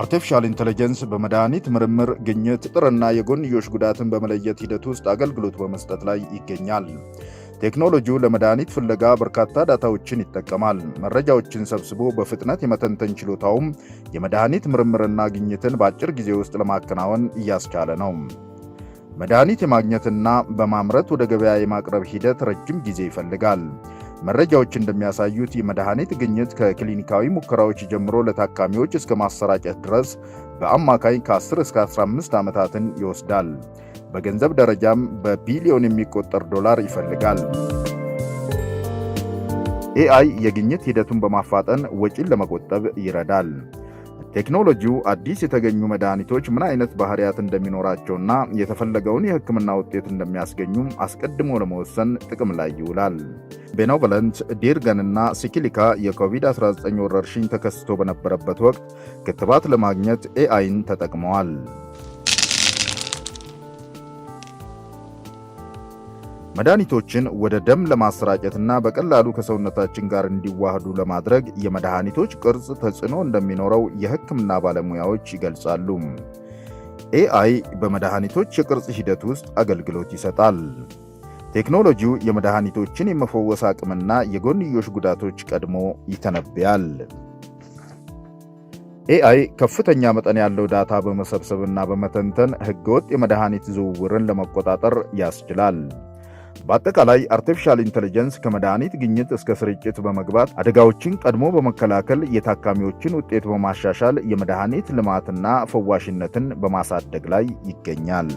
አርቲፊሻል ኢንቴሊጀንስ በመድኃኒት ምርምር፣ ግኝት፣ ጥርና የጎንዮሽ ጉዳትን በመለየት ሂደት ውስጥ አገልግሎት በመስጠት ላይ ይገኛል። ቴክኖሎጂው ለመድኃኒት ፍለጋ በርካታ ዳታዎችን ይጠቀማል። መረጃዎችን ሰብስቦ በፍጥነት የመተንተን ችሎታውም የመድኃኒት ምርምርና ግኝትን በአጭር ጊዜ ውስጥ ለማከናወን እያስቻለ ነው። መድኃኒት የማግኘትና በማምረት ወደ ገበያ የማቅረብ ሂደት ረጅም ጊዜ ይፈልጋል። መረጃዎች እንደሚያሳዩት የመድኃኒት ግኝት ከክሊኒካዊ ሙከራዎች ጀምሮ ለታካሚዎች እስከ ማሰራጨት ድረስ በአማካይ ከ10 እስከ 15 ዓመታትን ይወስዳል። በገንዘብ ደረጃም በቢሊዮን የሚቆጠር ዶላር ይፈልጋል። ኤአይ የግኝት ሂደቱን በማፋጠን ወጪን ለመቆጠብ ይረዳል። ቴክኖሎጂው አዲስ የተገኙ መድኃኒቶች ምን አይነት ባህሪያት እንደሚኖራቸውና የተፈለገውን የህክምና ውጤት እንደሚያስገኙም አስቀድሞ ለመወሰን ጥቅም ላይ ይውላል። ቤኖቨለንት፣ ዲርገንና ሲኪሊካ የኮቪድ-19 ወረርሽኝ ተከስቶ በነበረበት ወቅት ክትባት ለማግኘት ኤአይን ተጠቅመዋል። መድኃኒቶችን ወደ ደም ለማሰራጨትና በቀላሉ ከሰውነታችን ጋር እንዲዋህዱ ለማድረግ የመድኃኒቶች ቅርጽ ተጽዕኖ እንደሚኖረው የሕክምና ባለሙያዎች ይገልጻሉ። ኤአይ በመድኃኒቶች የቅርጽ ሂደት ውስጥ አገልግሎት ይሰጣል። ቴክኖሎጂው የመድኃኒቶችን የመፈወስ አቅምና የጎንዮሽ ጉዳቶች ቀድሞ ይተነብያል። ኤአይ ከፍተኛ መጠን ያለው ዳታ በመሰብሰብና በመተንተን ሕገወጥ የመድኃኒት ዝውውርን ለመቆጣጠር ያስችላል። በአጠቃላይ አርቲፊሻል ኢንቴሊጀንስ ከመድኃኒት ግኝት እስከ ስርጭት በመግባት አደጋዎችን ቀድሞ በመከላከል የታካሚዎችን ውጤት በማሻሻል የመድኃኒት ልማትና ፈዋሽነትን በማሳደግ ላይ ይገኛል።